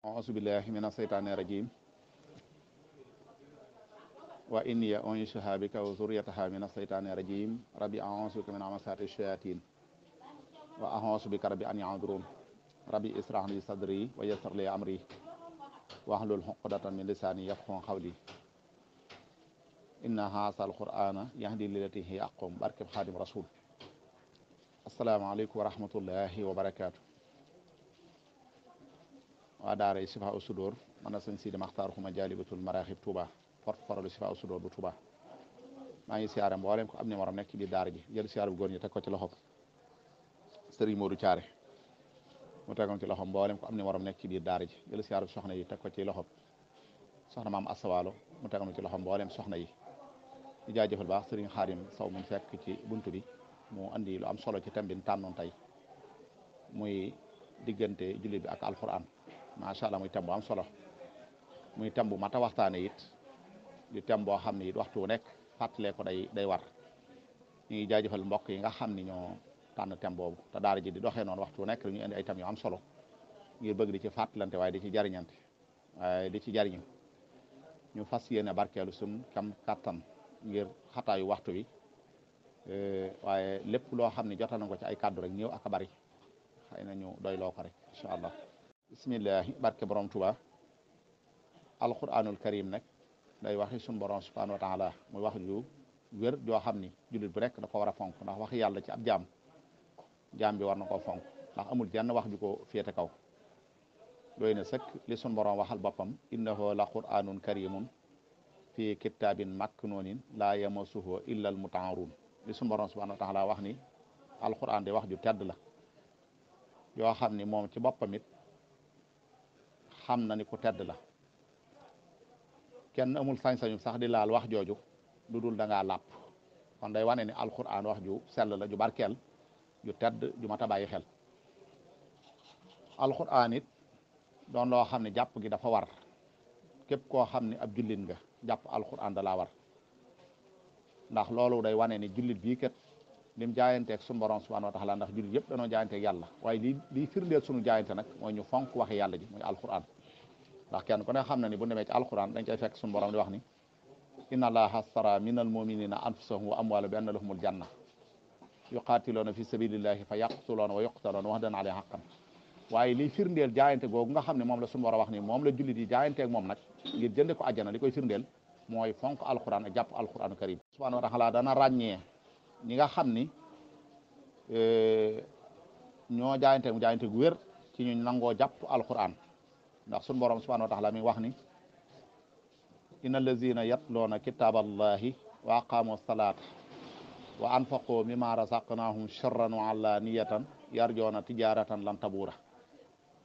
أعوذ بالله من الشيطان الرجيم وإني أنشها بك وذريتها من الشيطان الرجيم ربي أعوذ بك من عمسات الشياطين وأعوذ بك ربي أن يعذرون ربي اسرح لي صدري ويسر لي أمري واحلل عقدة من لساني يفقهوا قولي إن هذا القرآن يهدي للتي هي أقوم بركب خادم رسول السلام عليكم ورحمة الله وبركاته waa daaray Sifaa u Sudoor man la sëñ Sidi Maxtaar xuma jaalibatul maraaxib Touba porte parole Sifaa u Sudoor bu Touba maa ngi siyaare mboolem ko am ni morom nekk ci biir daara ji jël siyaare bu góor ñi teg ci loxo sëriñ Modou Thiaré mu tegoon ci loxo mboolem ko am ni morom nekk ci biir daara ji jël siyaare bu soxna yi teg ko ci soxna maam Asawaalo mu tegoon ci loxo mboolem soxna yi di jaajëfal baax sëriñ Xaarim Sow mu fekk ci buntu bi mu andi lu am solo ci thème bi ñu tànnoon tey muy diggante jullit bi ak alxuraan. macha allah muy thème bu am solo muy thème bu mat a waxtaane it di thème boo xam ne it waxtu wu nekk fàttalee ko day day war ñu ngi jaajëfal mbokk yi nga xam ni ñoo tànn thème boobu te daara ji di doxee noonu waxtu wu nekk ñu indi ay thèmes yu am solo ngir bëgg di ci fàttalante waaye di ci jariñante waaye di ci jariñu ñu fas yéene barkeelu sun kam kattan ngir xataayu waxtu wi e, waaye lépp loo xam ne jotal na ko ci ay kàddu rek ñëw ak bari xëy na ñu doy loo ko rek incha allah bismillahi barke borom tuba alquranul karim nag day waxi sun borom subhanahu wa taala muy wax ju wér joo xam ni jullit bu rek dafa war a fonk ndax wax yàlla ci ab jaam jaam bi war na koo fonk ndax amul jenn wax ju ko féete kaw doy na sëkk li sun borom waxal boppam innahu la quranun karimun fi kitaabin maknuunin laa yamassuhu illa al mutahharun li sun borom subhanahu wa taala wax ni alquran di wax ju tedd la yoo xam ni moom ci boppam xam na ni ku tedd la kenn amul sañ-sañu sax di laal wax jooju lu dul da ngaa làpp kon day wane ni alquran wax ju sell la ju barkeel ju tedd ju mata a bàyyi xel alquran it doon loo xam ne jàpp gi dafa war képp koo xam ne ab jullit nga jàpp alquran da laa war ndax loolu day wane ni jullit bii kat lim ak sunu borom subhanahu wa taala ndax jullit jaayante ak yàlla waaye li li firndeel sunu jaayante nag mooy ñu fonk waxi yàlla ji mooy alquran ndax kenn ku ne xam na ni bu demee ci alquran dañ cay fekk suñu borom di wax ni inna allaha astara min almuminina anfusahum wa amwala bi anna lahumul janna yuqaatiloona fi sabilillahi fa yaqtuloona wa yuqtaloona waxdan alayhi haqqan waaye liy firndeel jaayante googu nga xam ne moom la suñu war a wax ni moom la jullit yi jaayanteeg moom nag ngir jënde ko àjjana li koy firndeel mooy fonk alquran a jàpp alquranu karim subhanahu wa taala dana ràññee ñi nga xam ni eh, ñoo jaayante mu jaayante gu wér ci ñu nangoo jàpp alquran ndax sun borom subhanahu wa taxala mi wax ni inna allazina yatluuna kitaaballahi wa aqaamu salaata wa anfaqu mimma razaqnahum sirran wa alaaniyatan yarjoona tijaaratan lan tabuura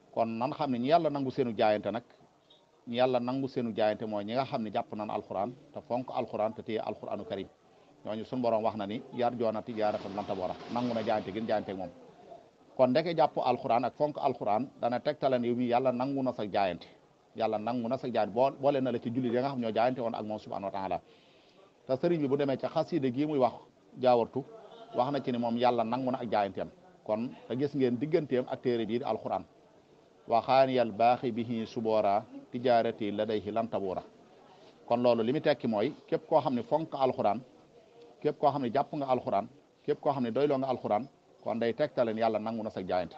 kon nan xam ne ñi yàlla nangu seenu jaayante nag ñi yàlla nangu seenu jaayante mooy ñi nga xam ne jàpp nan alquran te fonk alquran te téye alquranu karim ñooñu sun borom wax na ni yarjoona tijaaratan lan tabuura nangu na jaayante gin jaayante moom kon ndeke jàpp alxuraan ak fonk alxuraan dana tegtale ne yow mi yàlla nangu na sa jaayante yàlla nangu na sa jaayante boo boole la jullit yi nga xam ñoo jaayante woon ak moom subhanahu wa taala te bi bu demee ca xasida gii muy wax jaawartu wax na ci ne moom yàlla nangu na ak kon te gis ngeen digganteem ak téere bii di alxuraan waxaaniyal baaxi bihi suboora tijaarati ladayhi lan taboora kon loolu li mu tekki mooy képp koo xam ne fonk alxuraan képp koo xam ne jàpp nga alxuraan képp koo xam ne doyloo nga kon day tektale ni yalla nangu na sa jaayante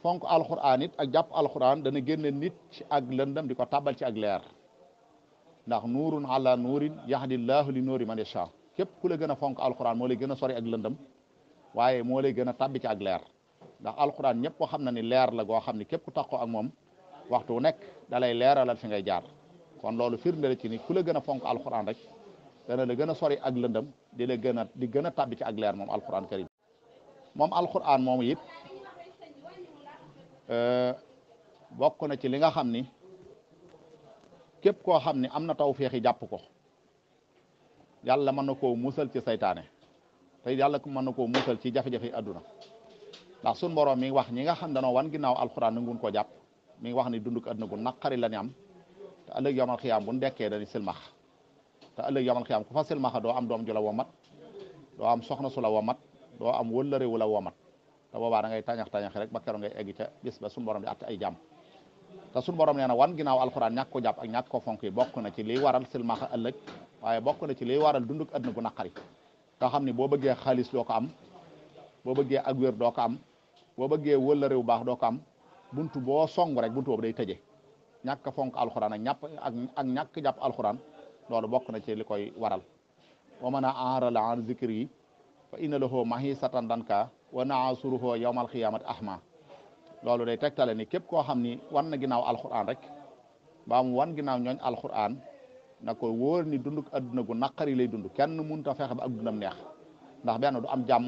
fonk alquran it ak japp dan dana génne nit ci ak lendam di tabal ci ak leer ndax nurun ala yahdi Allah li nur man yasha kep ku la gëna a fonk alquran mo lay gëna a sori ak lendam waaye mo lay gëna a ci ak leer ndax alquran ñepp ko xam ni leer la go xamni kep ku taxo ak mom waxtu nek dalay leeralal fi ngay jaar kon lolu firnde ci ni ku la gëna fonk alquran rek dana la gëna sori ak lendam di la gëna di gëna tabbi ci ak leer mom alquran karim moom alquran moomu it euh, bokk na ci li nga xam ni képp koo xam ni am na taw feexi jàpp ko yàlla mën na koo musal ci saytaane te yàlla mën na koo musal ci jafe-jafe adduna ndax sun borom mi ngi wax ñi nga xam danoo wan ginnaaw alxuraan nanguwun koo jàpp mi ngi wax ni dunduk adduna gu naqari la ñu am te ëllëg yomal xiyaam bu ndekkee dañu silmax te ëllëg yomal xiyaam ku fa silmaxa doo am doom ju la womat doo am soxna sula la womat doo am wëllëre wu la womat te boobaa da ngay tañax tañax rek ba keroog ngay egg ca bis ba sunu borom di atte ay jàmm te sunu borom nee na wan ginnaaw alxuraan ñàkk ko jàpp ñàkk ko fonk bokk na ci liy waral silmaxa ëllëg waaye bokk na ci liy waral dunduk àdduna gu naqari nga xam ni boo bëggee xaalis doo ko am boo bëggee ak wér doo am boo bëggee wëllëre wu baax doo ko am buntu boo song rek buntu day tëje ñàkk fonk alxuraan ak ñàpp ak ak ñàkk jàpp alxuraan loolu bokk na ci li koy waral wa mën a enral an zikri fa inna lahu mahisatan danka wa naasuruhu yawmal qiyaamati ahma loolu day tegtale ni képp koo xam ni wan na ginnaaw alquran rek mbaa wan ginnaaw ñooñ alquran na ko woor ni dund adduna gu naqari lay dund kenn mënut a fexe ba ak dundam neex ndax benn du am jàmm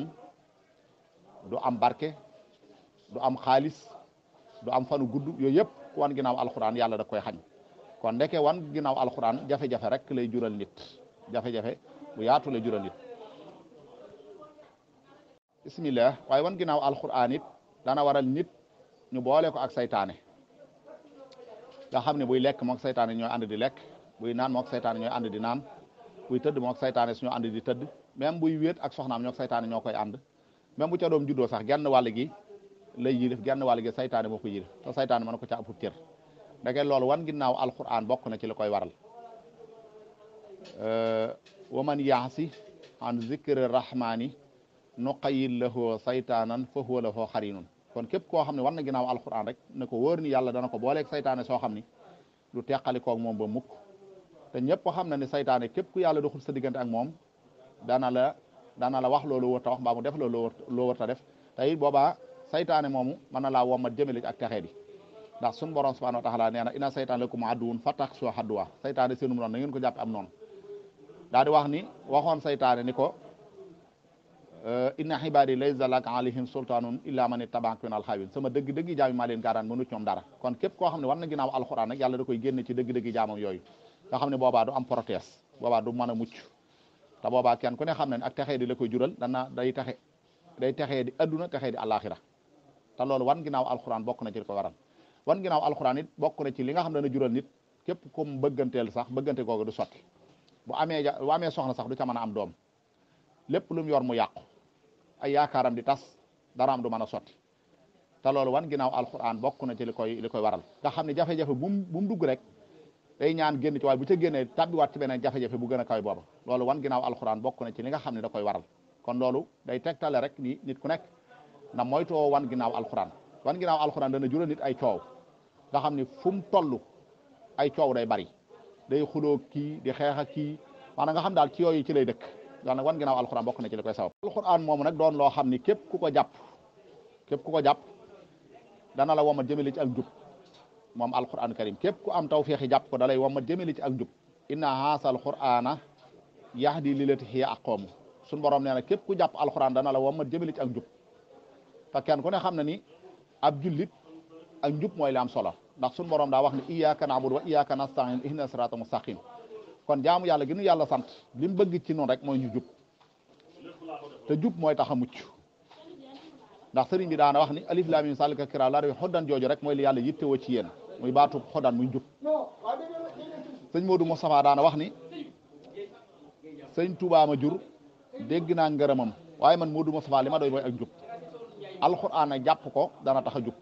du am barke du am xaalis du am fanu gudd yooyu yëpp ku wan ginnaaw alxuraan yàlla da koy xañ kon ndeke wan ginnaaw alxuraan jafe-jafe rek lay jural nit jafe-jafe bu yaatu le jural nit bismillah way won ginaaw alquran it dana waral nit ñu boole ko ak saytane da xamne buy lek mok saytane ñoy and di lek buy naan mok saytane ñoy and di naan buy teud mok saytane suñu ande. di teud même buy wet ak soxnam ñok saytane ñokoy and même bu ca doom juddo sax genn wàll gi lay yilif genn wàll gi saytane moko yi yilif te saytaane ko ca ter da ndeke loolu wan ginaaw alquran bokku na ci likoy waral euh waman ya'si an zikri rahmani نقيل له سيطانا فهو له خرين كون كيب كو خامني وارنا غيناو القران رك نكو ورني يالا دا نكو بوليك سيطان سو خامني لو تيخالي كو موم با موك تا نييب كو خامنا ني سيطان كيب كو يالا دوخول سديغنت اك موم دانا لا دانا لا واخ لولو ورتا واخ بامو ديف لولو لو ورتا ديف تاي بوبا سيطان مومو مانا لا وما جيملي اك تخيدي دا سون بورون سبحانه وتعالى نانا ان سيطان لكم عدون فتح سو حدوا سيطان سينو نون نين كو جاب ام نون دا دي واخ ني واخون سيطان نيكو na uh, inna xibaari laysa laka alayhim sultaanun illa man ittaba'aka minal xaawin sama dëgg-dëgg jaami maa leen gaaraan mënu ñoom dara kon képp koo xam ne war na ginnaaw alxuraan nag yàlla da koy génne ci dëgg-dëgg jaamam yooyu nga xam ne boobaa du am protest boobaa du mën a mucc boobaa kenn ku ne xam ne ak texee di la koy jural dana day texe day texee di adduna texee di alaxira te loolu wan ginnaaw alxuraan bokk na ci li ko waral wan ginnaaw alxuraan it bokk na ci li nga xam ne dana jural nit képp comme bëgganteel sax bëggante googu du sotti bu amee ja bu amee soxna sax du ca mën a am doom lépp lu mu yor mu yàqu ay yaakaaram di tas am du mën a sotti te loolu wan ginnaaw alquran bokk na ci koy li koy waral nga xam ne jafe-jafe bu mu bu mu dugg rek day ñaan génn ci waaye bu ca génnee tabbiwaat ci beneen jafe bu gën a kawe booba loolu wan ginnaaw alquran bokk na ci li nga xam ne da koy waral kon loolu day tegtale rek ni nit ku nekk na moytoo wan ginnaaw alquran wan ginnaaw alquran dana jural nit ay coow nga xam ni fu mu toll ay coow day bari day xuloo kii di xeex ak kii maanaam nga xam daal ci yooyu ci lay dëkk daanaka wan ginnaaw alxuraan bokk na ci li koy sabab alxuraan moomu nag doon loo xam ni képp ku ko jàpp képp ku ko jàpp dana la womat jëmeli ci ak jub moom alxuraan karim képp ku am tawféexi jàpp ko dalay womat jëmeli ci ak jub inna haasal xuraana yahdi lilati hiya aqoomu suñu borom nee na képp ku jàpp alxuraan dana la womat jëmeli ci ak jub te kenn ku ne xam na ni ab jullit ak njub mooy li am solo ndax suñu borom daa wax ni iyyaka na'budu wa iyyaka nasta'in ihdinas siraatal mustaqim kon jaamu yàlla gi nu yàlla sant li mu bëgg ci noonu rek mooy ñu jub te jub mooy tax a mucc ndax sëriñ bi daana wax ni alif laam miim sàllika kiraa laa rewi xoddan jooju rek mooy li yàlla yittewoo ci yéen muy baatu xodaan muy jub sëñ Modou Moustapha daana wax ni sëñ Touba ma jur dégg naa ngërëmam waaye man Modou Moustapha li ma doy mooy ak njub alxuraan a jàpp ko dana tax a jub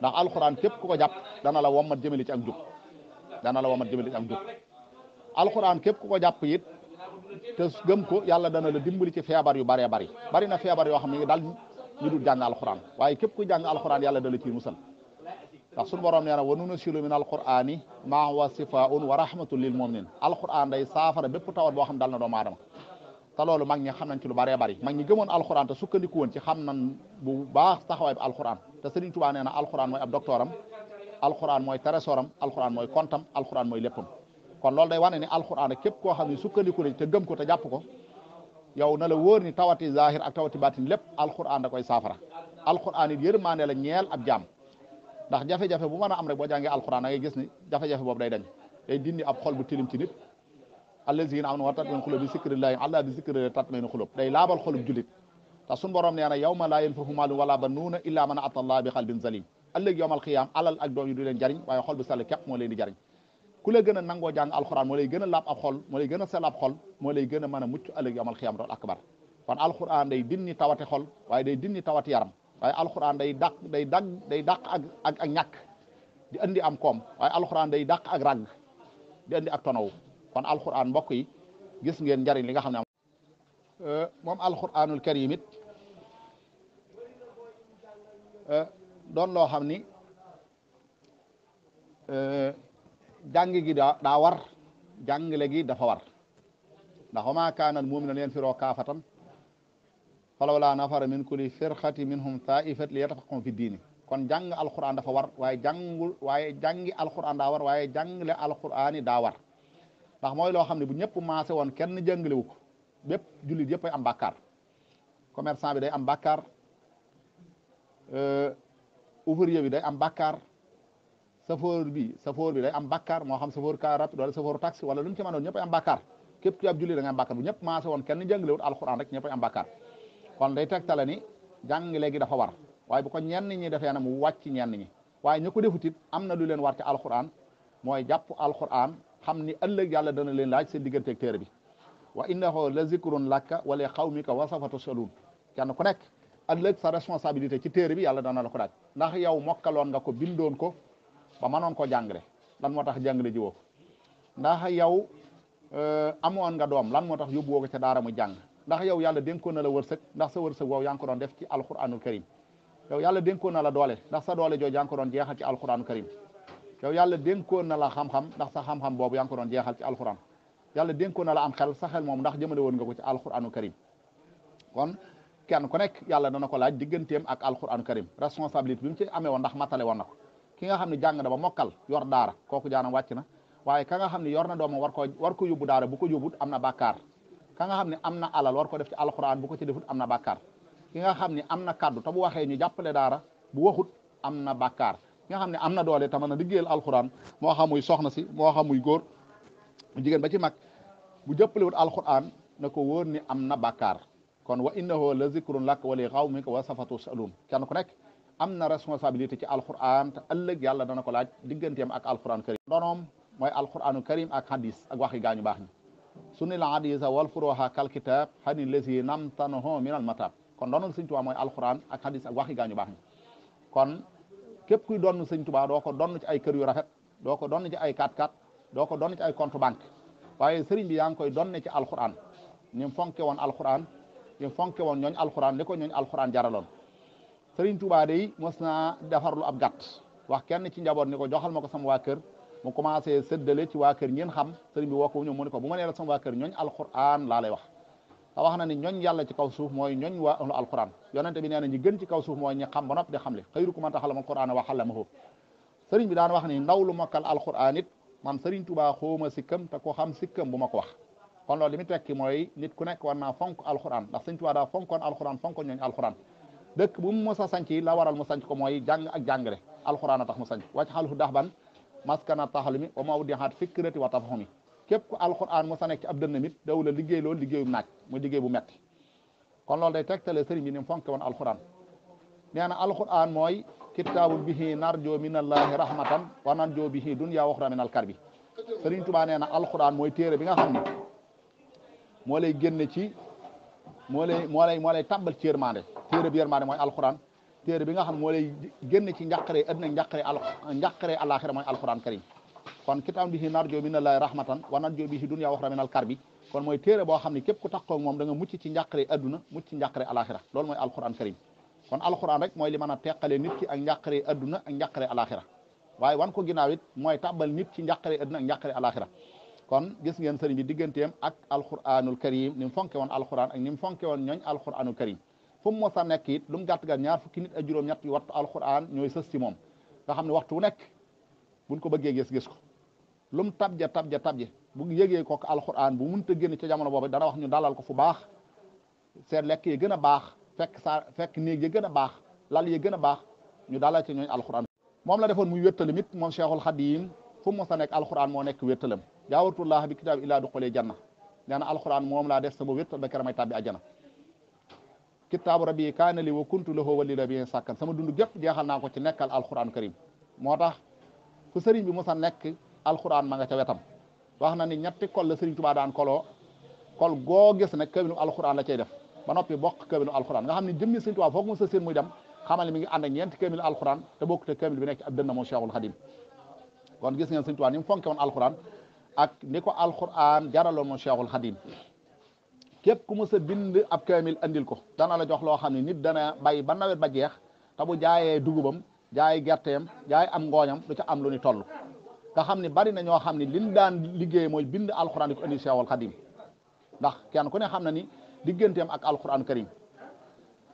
ndax alxuraan képp ku ko jàpp dana la wommat jëmale ci ak njub la wommat jëmale ci ak alxuraan képp ku ko jàpp it te gëm ko yàlla dana la dimbali ci feebar yu baree bari bari na feebar yoo xam ne daal ñu dul jàng alxuraan waaye képp ku jàng alxuraan yàlla dana ci musal ndax suñu borom nee na wa nunazzilu min ma maa huwa shifaa'un wa rahmatun lil mu'minin alxuraan day saafara bépp tawat boo xam dal na doomu aadama te loolu mag ñi xam nañ ci lu baree bari mag ñi gëmoon alxuraan te sukkandiku woon ci xam nañ bu baax taxawaay bi alxuraan te Sëriñ Tuubaa nee na alxuraan mooy ab doctoram alxuraan mooy trésoram alxuraan mooy kontam alxuraan mooy léppam kon loolu day wane ne alxuraan képp koo xam ne sukkandiku la te gëm ko te jàpp ko yow na la wóor ni tawati zahir ak tawati batin lépp alxuraan da koy saafara alxuraan it yërmaane la ñeel ab jaam ndax jafe-jafe bu mën a am rek boo jàngee alxuraan da ngay gis ni jafe-jafe boobu day dañ day dindi ab xol bu tilim ci nit allazina am na war tatmain xulub bi zikrillahi allah bi zikrillahi tatmain xulub day laabal xolub julit te sun borom nee na yawma laa yanfahu maalun wala banuuna illa man atallah bi qalbin zalim ëllëg yawmal qiyaam alal ak leen jariñ waaye xol bu sell képp leen di ku la gën a nangoo jàng alxuraan moo lay gën a laab ab xol moo lay gën a sel ab xol moo lay gën a mën a mucc ëllëg yomal xiyamatul akbar kon alxuraan day dindi tawate xol waaye day dindi tawati yaram waaye alxuraan day dàq day dàq day dàq ak ak di andi am koom waaye alxuraan day dàq ak ràgg di andi ak tonaw kon alxuraan mbokk yi gis ngeen njariñ li nga xam ne am euh, moom alxuraanul karim it euh, doon loo xam ni euh, Janggi gi dawar, war legi gi dafa war ndax huma kana kaana yanfiru kafatan kaafatan falawlaa nafara min kulli firqati minhum taifat li yatafaqahu fi kon jang alquran dafa war waye jangul waye jangi alquran da war waye jàngale alquran da dawar. war ndax moy lo xamni ne bu ñëpp maase won kenn jàngale wuko bepp julit yepp ay am bakkar commerçant bi day am euh ouvrier bi day am bakkar safoor bi safoor bi day am bakkaar moo xam safoor car rapide wala safoor taxi wala lu mu ci mënoon ñëpp ay am bakkaar képp ci ab julli da nga am bakkaar bu ñëpp maase woon kenn jàngalewut alxuraan léegi dafa war waaye bu ko ñenn ñi defee na mu wàcc ñenn ñi waaye ñu ko defut it am na lu leen war ci alxuraan mooy jàpp alxuraan xam ni ëllëg yàlla dana leen laaj seen digganteeg téere bi wa innahu la zikrun lakka wala xawmika wa safa tusaluun kenn ku nekk ëllëg sa responsabilité ci téere bi yàlla dana la ko daaj ndax yow mokkaloon nga ko bindoon ko ba mënoon ko jàngale lan moo tax jàngale ji woo ndax yow eh, amoon nga doom lan moo tax yóbbu woo ko ca daara mu jàng ndax yow yàlla dénkoon na la wërsëg ndax sa wërsëg woow yaa ngi ko doon def ci alquranul karim yow yàlla na la doole ndax sa doole jooju yaa ko doon jeexal ci alquranul karim yow yàlla dénkoon na la xam-xam ndax sa boobu yaa ko doon jeexal ci alquran yàlla dénkoon na la am xel sax xel moom ndax jëmale woon nga ko ci alquranul karim kon kenn ku nekk yàlla dana ko laaj digganteem ak alquranul karim responsabilité bi mu ci amee woon ndax matale woon na ki nga xam ne jàng na ba mokkal yor daara kooku jaanam wàcc na waaye ka nga xam ne yor na doomam war koo war ko yóbbu daara bu ko yóbbut am na bàkkaar ka nga xam ne am na alal def ci alxuraan bu ko ci defut am na bàkkaar ki nga xam ne am na kaddu te bu waxee ni jàppale daara bu waxut am na bàkkaar ki nga xam ne am na doole tama na a liggéeyal alxuraan moo xam muy soxna si moo xam muy góor jigéen ba ci mag bu jàppalewut alxuraan na ko woor ni am na bakaar kon wa innahu la zikrun lak wa li qawmika wa safa tusalun kenn ku nekk am na responsabilité ci alquran te ëllëg yàlla dana ko laaj digganteem ak alquran karim donoom mooy alquranu karim ak hadis ak waxi gaañu baax ñi sunnil hadisa wal furuha kal kitab hani lesi namtanoho minal matab kon doonal sëñ tubaa mooy alquran ak hadis ak waxi gaañu baax ñi kon képp kuy doon sëñ tubaa doo ko doon ci ay kër yu rafet doo ko doon ci ay 4-4 doo ko doon ci ay compte banque waaye sëriñ bi yaa ngi koy doon ne ci alquran ñi fonke won alquran ñi fonke woon ñooñ alquran li ko ñooñ alquran jaraloon sëriñ Touba day mos naa defarlu ab gàtt wax kenn ci njaboot ni ko joxal ma ko sama waa kër mu commencé séddale ci waa kër ngeen xam sëriñ bi woo ko ñoom mu ne ko bu ma nee la sama waa kër ñooñ alquran laa lay wax te wax na ni ñooñ yàlla ci kaw suuf mooy ñooñ waa ahlu alquran yonente bi nee na ñi gën ci kaw suuf mooy ñi xam ba noppi di xam le xayrukum man ta'allama alquran wa 'allamahu sëriñ bi daan wax ni ndaw lu mokkal alquran it man sëriñ Touba xooma sikkam te ko xam sikkam bu ma ko wax kon loolu li tekki mooy nit ku nekk war naa fonk alquran ndax sëriñ Touba daa fonkoon alquran fonkoon ñooñ alquran dëkk bu mu mos a sanc la waral mu sanc ko mooy jàng ak jàngale alxuraan a tax mu sanc wàcc xalufu dax ban maskana taxalumi wa mawdihaat fikrati wa tafahumi képp ku alxuraan mos a nekk ci ab dënnam it daw la liggéey loolu liggéeyum naaj muy liggéey bu metti kon loolu day tegtale sëriñ bi ni mu fonke woon alxuraan nee na alxuraan mooy kitaabu bihi narjo minallahi rahmatan wa nanjo bihi dunya wa uxra minal karbi sëriñ Tuubaa nee na alxuraan mooy téere bi nga xam ne moo lay génne ci moo lay moo lay moo lay tàbbal ci yërmande téere bi yërmande mooy alxuraan téere bi nga xam moo lay génn ci njàqare adduna njàqare al njàqare alaxira mooy alxuraan karim kon kitaab bihi narjo minallahi rahmatan wa narjo bihi dunya waxra minal karbi kon mooy téere boo xam ne képp ku takkoo moom da nga mucc ci njàqare adduna mucc ci njàqare alaxira loolu mooy alxuraan karim kon alxuraan rek mooy li mën a teqale nit ki ak njàqare adduna ak njàqare alaxira waaye wan ko ginnaaw it mooy tàbbal nit ci njàqare adduna ak njàqare kon gis ngeen sëriñ bi digganteem ak alquranul karim ni mu fonke woon alquran ak ni mu fonke woon ñooñ alquranul karim fu mu mos a nekk it lu mu gàtt gàtt ñaar fukki nit ak juróom ñett yu wattu alquran ñooy sës ci moom nga xam ne waxtu wu nekk buñ ko bëggee gis gis ko lu mu tabja tabja tabje bu yégee ko alquran bu mun mënta génn ca jamono boobu dana wax ñu dalal ko fu baax seen lekk yi gën a baax fekk saa fekk néeg yi gën a baax lal yi gën a baax ñu dalal ci ñooñ alquran moom la defoon muy wéttalamit moom cheikhul xadim fu mu a nekk alxuraan moo nekk wéttalam yaa wartullaaha bi kitaab illaa duxulee janna nee na alxuraan laa def sama wéttal ba keroog may tàbbi àjjana kitaabu rabbi kaana li wa kuntu lahu walila bi sàkkan sama dund gépp jeexal naa ko ci nekkal alxuraan karim moo tax fu sëriñ bi mos a nekk alxuraan ma nga ca wetam wax na ni ñetti kol la sëriñ Tuubaa daan kolo kol goo gis ne kaminu alxuraan la cay def ba noppi bokk kaminu alxuraan nga xam ne jëmmi sëriñ Tuubaa foog mu sa seen muy dem xamal mi ngi ànd ak ñeenti kaminu bokk te kamil bi nekk ab dënn moo Cheikhul kon gis ngeen Sëñ Tuubaa ni mu fonke ak ni ko alxuraan jaraloon moom Cheikhul Xadim képp ku mës a bind ab kaamil andil ko dana la jox loo xam ne nit dana bàyyi ba nawet ba jeex ta bu jaayee dugubam jaay gertem jaay am ngooñam du ca am lu ni toll nga xam ne bari na ñoo xam ne liñ daan liggéey mooy bind alxuraan di ko andil Cheikhul Xadim ndax kenn ku ne xam na ni digganteem ak alxuraan karim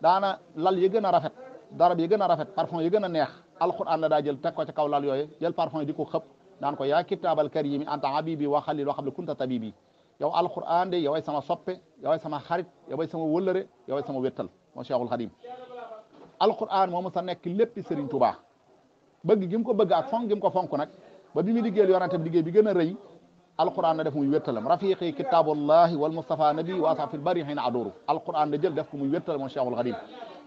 daana lal yi gën a rafet darab yi gën a rafet parfum yi gën a neex alquran la daa jël teg ko ci kaw lal yooyu jël parfum yi di ko xëpp daan ko yaa kitaabal karimi anta habibi wa xalil wa xam ne kunta tabibi yow alquran de yoway sama soppe yoway sama xarit yoway sama wëllëre yoway sama wéttal moo cheikhul xadim alquran moomu sa nekk léppi Serigne Touba bëgg gi ko bëgg ak fonk gi mu ko fonk nag ba bi mu liggéeyal yonentam liggéey bi gën a rëy alquran na def muy wéttalam rafiqi kitaabullahi wal mustafa nabi wa asafil bari xëy na adoru alquran da jël def ko muy wéttal moo cheikhul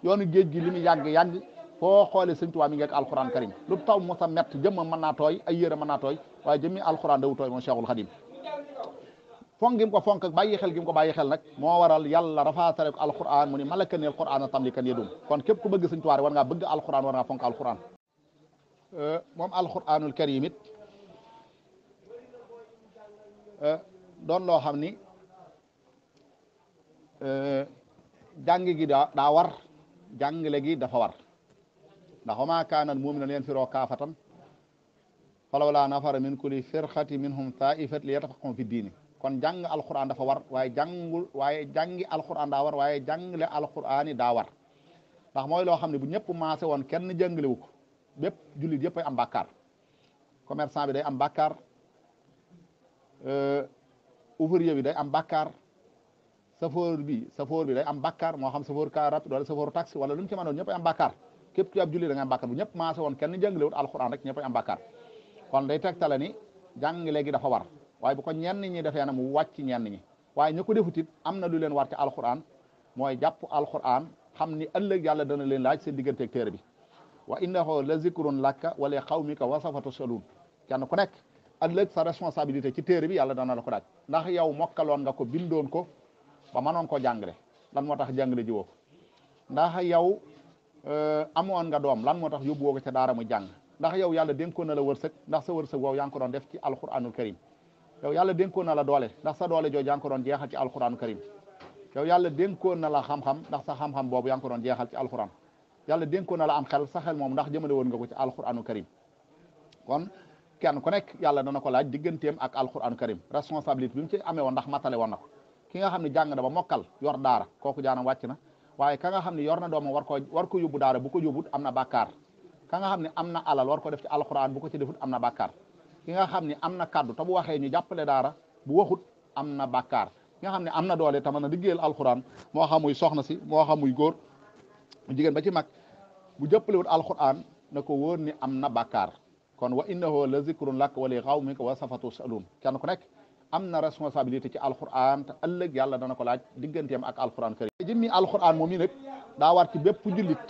yoonu géej gi li mu yàgg yàgg foo xoolee sëñ Tuubaa mi ngeek alxuraan karim lu taw mosa mett jëmmam mën naa tooy ay yére mën naa waaye jëmmi alxuraan dawu tooy moom Cheikhul Xadim fonk gim ko fonk ak bàyyi xel gim ko bàyyi xel nag moo waral yàlla rafaatale ko alxuraan mu ni malakan alxuraan a tamlikan yedum kon képp ku bëgg sëñ Tuubaa war ngaa bëgg alxuraan war ngaa fonk alxuraan euh, moom alxuraanul karim it euh, doon loo xam ni euh, jàng gi daa war jàngale gi dafa war ndax wa maa kaana al-mu'minuuna liyanfiroo kaafatan falawlaa nafara min kulli firqatin minhum taa'ifat li yatafaqqahu fi diini kon jàng alquran dafa war waaye jàngul waaye jàngi alquran daa war waaye jàngale alquran yi daa war ndax mooy loo xam ne bu ñëpp maase woon kenn jàngale wu ko bépp jullit yëpp ay am bàkkaar commerçant bi day am bàkkaar euh, ouvrier bi day am bàkkaar safoor bi safoor bi day am bàkkaar moo xam safoor car rapide wala safoor taxi wala lu mu ci mënoon ñëpp a am bàkkaar képp ku ab julli da nga am bàkkaar bu ñëpp maase woon kenn jàngalewut alxuraan rek ñëpp ay am kon day tegtale ni jàngale gi dafa war waaye bu ko ñenn ñi defee na mu wàcc ñenn ñi waaye ñu ko defut it am na lu leen war ci mooy jàpp alxuraan xam ni ëllëg yàlla dana leen laaj seen digganteeg téere bi wa innahu la zikrun lakka wa li qawmika wa sawfa tusaluun kenn ku nekk ëllëg sa responsabilité ci téere bi yàlla dana la ko daaj ndax yow mokkaloon nga ko bindoon ko ba mënoon ko jàngale lan moo tax jàngale ji woo ko ndax yow euh, amoon nga doom lan moo tax yóbbu woo ko ca daara mu jàng ndax yow yàlla dénkoon na la wërsëg ndax sa wërsëg woow yaa ngi ko doon def ci alquranul karim yow yàlla dénkoon na la doole ndax sa doole jooju yaa ngi ci doon jeexal ci alquranul karim yow yàlla na la xam ndax sa xam boobu yaa ko doon jeexal ci alquran yàlla dénkoon na la am xel sa xel moom ndax jëmale woon nga ko ci alquranul karim kon kenn ku nekk yàlla dana ko laaj digganteem ak alquranul karim responsabilité bi mu ci amee woon ndax matale woon na ko ki nga xam ne jàng na ba mokkal yor daara kooku jaanam wàcc na waaye ka nga xam ne yor na doomam war koo war ko yóbbu daara bu ko yóbbut am na bàkkaar ka nga xam ne am na alal war def ci alxuraan bu ko ci defut am na bàkkaar ki nga xam ne am na kaddu te bu waxee ñu jàppale daara bu waxut am na bàkkaar ki nga xam ne am na doole te mën a liggéeyal alxuraan moo xamuy soxna si moo xam muy góor jigéen ba ci mag bu jàppalewut alxuraan na ko woor ni am na bàkkaar kon wa innahu la zikrun lak wa li qawmika wa safa tusalun kenn ku nekk am na responsabilité ci alquran te ëllëg yàlla dana ko laaj digganteem ak alquran kër jëmmi alquran moom yi nag daa war ci bépp jullit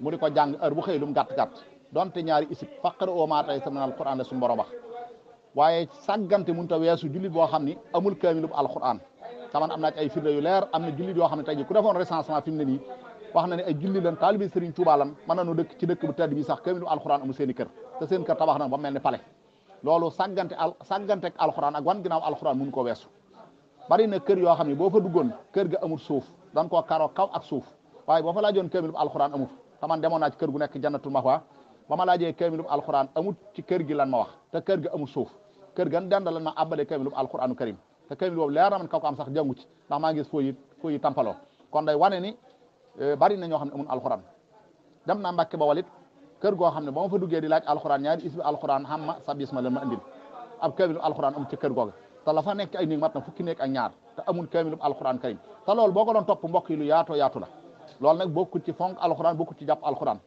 mu di ko jàng heure bu xëy lum gàtt-gàtt donte ñaari isib faqara oo maa tay sa min alquran la suñu borom wax waaye sàggante ta weesu jullit boo xam ni amul kaamilub alquran taman am naa ci na jullit yoo xam ne tey ji ku defoon recensement na ne ay dëkk ci dëkk bu tedd bi sax kaamilu alquran amul seen i kër te seen kër tabax na ba mel ni pale loolu sàggante al sàggante ak alxuraan ak wan ginnaaw alxuraan mun ko weesu bari na kër yoo xam ne boo fa duggoon kër ga amul suuf dan koo karoo kaw ak suuf waaye boo fa laajoon joon bu alxuraan amut taman demoon naa ci kër gu nekk jannatul maxwa ba ma laajee kaamil bu alxuraan amut ci kër gi lan ma wax te kër ga amul suuf kër gan danda lan ma abbalee kaamil bu alxuraanu karim te kaamil boobu leer na man kaw ko sax jàngu ci ndax maa ngi gis foo yi yi tampaloo kon day wane ni eh, bari na ñoo xam ne amul alxuraan dem naa Mbàkke ba walit kër goo xam ne ba ma fa duggee di laaj alxuraan ñaari isbi alxuraan xam ma sa bis ma leen ma andil ab kamilu alxuraan amul ci kër googa te la fa nekk ay néeg mat na fukki nekk ak ñaar te amul kamilu alxuraan karim te loolu boo ko doon topp mbokk yi lu yaatoo yaatu la loolu nag bokku ci fonk alxuraan bokku ci jàpp alxuraan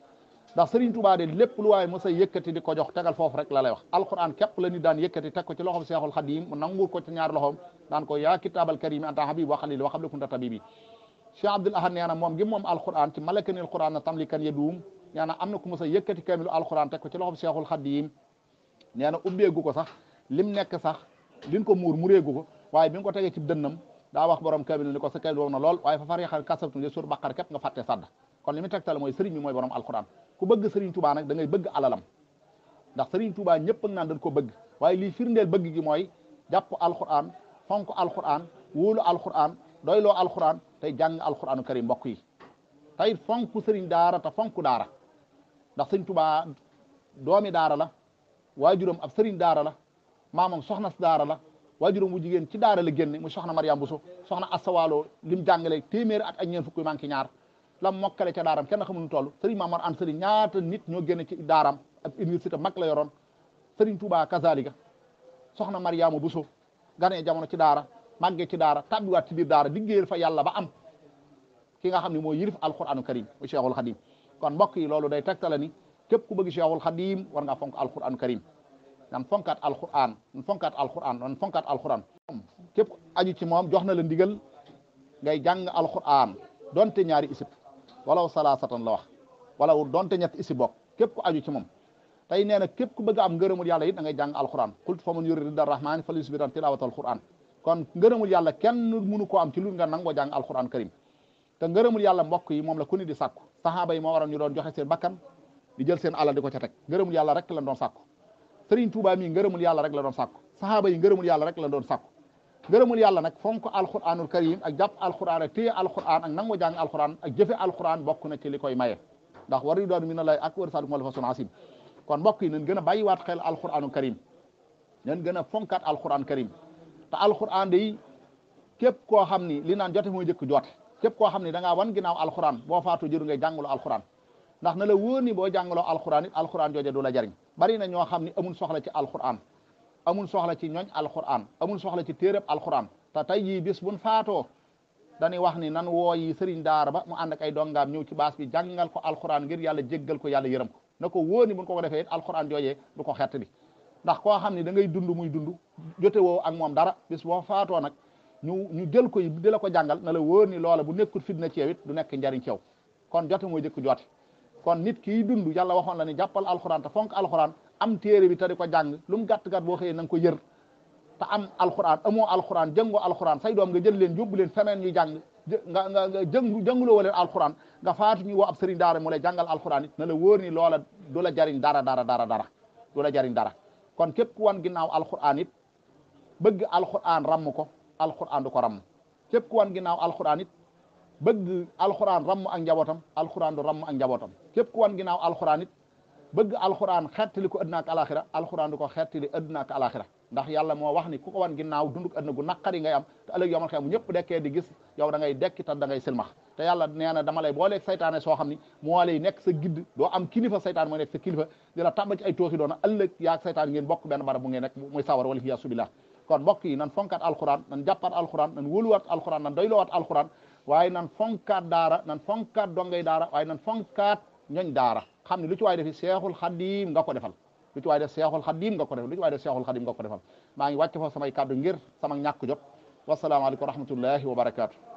ndax Serigne Touba de lépp lu waaye mos yëkkati di ko jox tegal foofu rek la lay wax alxuraan képp la ni daan yëkkati teg ko ci loxom cheikhul Xadiim mu nanguur ko ci ñaar loxom daan ko yaa kitaabal karim anta habib wa khalil wa xabla kunta tabibi Cheikh Abdoul Ahad nee na moom gi moom alxuraan ci malakanil quraan na tam ñaana am na ku mos a yëkkati kaamilu alxuraan teg ko ci loxob Seexul Xadiim nee na ubbeegu ko sax lim nekk sax liñ ko muur muréegu ko waaye bi nga ko tegee ci dënnam daa wax borom kaamil ni ko sa kaamil wow na lool waaye fa farixal kasabtum de suur baqar képp nga fàtte sadda kon li mu tegtal mooy sëriñ bi mooy borom alxuraan ku bëgg sëriñ Tuubaa nag da ngay bëgg alalam ndax sëriñ Tuubaa ñëpp naan dañ ko bëgg waaye lii firndeel bëgg gi mooy jàpp alxuraan fonk alxuraan wóolu alxuraan doyloo alxuraan tey jàng alxuraanu karim mbokk yi tey fonk sëriñ daara te fonk daara ndax sëñ tubaa doomi daara la waajuram ab sëriñ daara la maamam soxna daara la waajuram bu jigéen ci daara la mu soxna Mariam Bousso soxna Assawalo lim jàngale téeméeri at ak ñeent fukki manki ñaar la mokkale ca daaram kenn xamul nu toll sëriñ Mamar Anta Sali ñaata nit ñoo génne ci daaram ab université mag la yoroon sëriñ Touba Kazaliga soxna Mariama Bousso ganee jamono ci daara màggee ci daara tàbbiwaat ci biir daara liggéeyal fa yàlla ba am ki nga xam ne mooy yilif alquranu karim mu Cheikhul Xadim kon mbokk yi loolu day tegtale ni képp ku bëgg cheikhul xadim war nga fonk alquran karim nan fonkat alquran nan fonkat alquran nan fonkat alquran képp aju ci moom jox na la ndigal ngay jàng alquran donte ñaari isib walaw salasatan la wax walaw donte ñett isib bok képp ku aju ci moom tay neena na képp ku bëgg am ngeerumul yàlla it da ngay jàng alquran qul fa man yurid rahman falyusbir an tilawati alquran kon ngeerumul yàlla kenn munu ko am ci lu nga nangoo jàng alquran karim te ngërëmul yàlla mbokk yi moom la ku ne di sàkku saxaaba yi moo waroon ñu doon joxe seen bakkan di jël seen alal di ko ca teg ngërëmul yàlla rek la doon sàkku sëriñ Tuubaa mii ngërëmul yàlla rek la doon sàkku saxaaba yi ngërëmul yàlla rek la doon sàkku ngërëmul yàlla nag fonk alquranul karim a jàpp alquran ak téye alquran ak nangu jàng alquran ak jëfe alquran bokk na ci li koy maye ndax war yu doon mi na lay ak wër saalum wala façon asim kon mbokk yi nañ gën a bàyyiwaat xel alquranul karim nañ gën a fonkaat alquran karim te alquran day képp koo xam ni li naan jote mooy jëkk joote képp koo xam ne da ngaa wan ginnaaw alxuraan boo faatu jëru ngay jàngaloo alxuraan ndax na la wóor ni boo jàngaloo alxuraan it alxuraan jooje du la bari na ñoo xam ne amul soxla ci alxuraan amul soxla ci ñooñ alxuraan amul soxla ci téereb alxuraan te tey jii bis buñ faatoo dañuy wax ni nan woo yi daar ba mu ànd ak ay dongaam ñëw ci baas bi jàngal ko alxuraan ngir yàlla jéggal ko yàlla yërëm ko na ko wóor ni buñ ko ko defee it alxuraan joojee du ko xett bi ndax koo xam ne da ngay dund muy dund jote woo dara bis faatoo nag ñu ñu jël ko di la ko jàngal na la woor ni loola bu nekkul fitna ci yow it du nekk njariñ ci kon jote moo jëkk joote kon nit ki dund yàlla waxoon la ni jàppal alxuraan te fonk alxuraan am téere bi te di ko jàng lu mu gàtt gàtt boo xëyee na nga ko yër te am alxuraan amoo alxuraan jëngoo alxuraan say doom nga jël leen yóbbu leen feneen ñuy jàng nga nga nga jëngu jënguloo wa leen alxuraan ñu woo ab sëriñ daara mu lay jàngal alxuraan na la wóor ni loola doola la jariñ dara dara dara dara du jariñ dara kon képp ku wan ginnaaw alxuraan it bëgg alxuraan ramm ko alxuraan du ko ramm képp ku wan ginnaaw alxuraan it bëgg alxuraan ramm ak njabootam alxuraan ram ramm ak njabootam képp ku wan ginnaaw alxuraan it bëgg alxuraan xettali ko adduna ak alaxira alxuraan du ko xettali adduna ak alaxira ndax yàlla moo wax ni ku ko wan ginnaaw dunduk adduna gu naqari nga am te ëllëg yomal xeex bu ñëpp dekkee di gis yow da ngay dekki te da ngay silmax te yàlla nee na dama lay booleeg saytaane soo xam ni moo lay nekk sa gidd doo am kilifa saytaan mooy nekk sa kilifa di la tàmba ci ay tooxi doona ëllëg yaag saytaan ngeen bokk benn barab bu ngeen nekk muy sawar kon mbokk yi nan fonkaat alxuraan nan jàppaat alxuraan nan wóoluwaat alxuraan nan doyloowaat alxuraan waaye nan fonkaat daara nan fonkaat dongay daara waaye nan fonkaat ñoñ daara xam ne lu ci de defi seexul xadim nga ko defal lu ci waay def seexul xadim nga ko defal lu ci waay def ko defal maa ngi wàcc foofu samay kàddu ngir sama ñàkk jot wasalaamaaleykum wa rahmatullahi wa barakaatu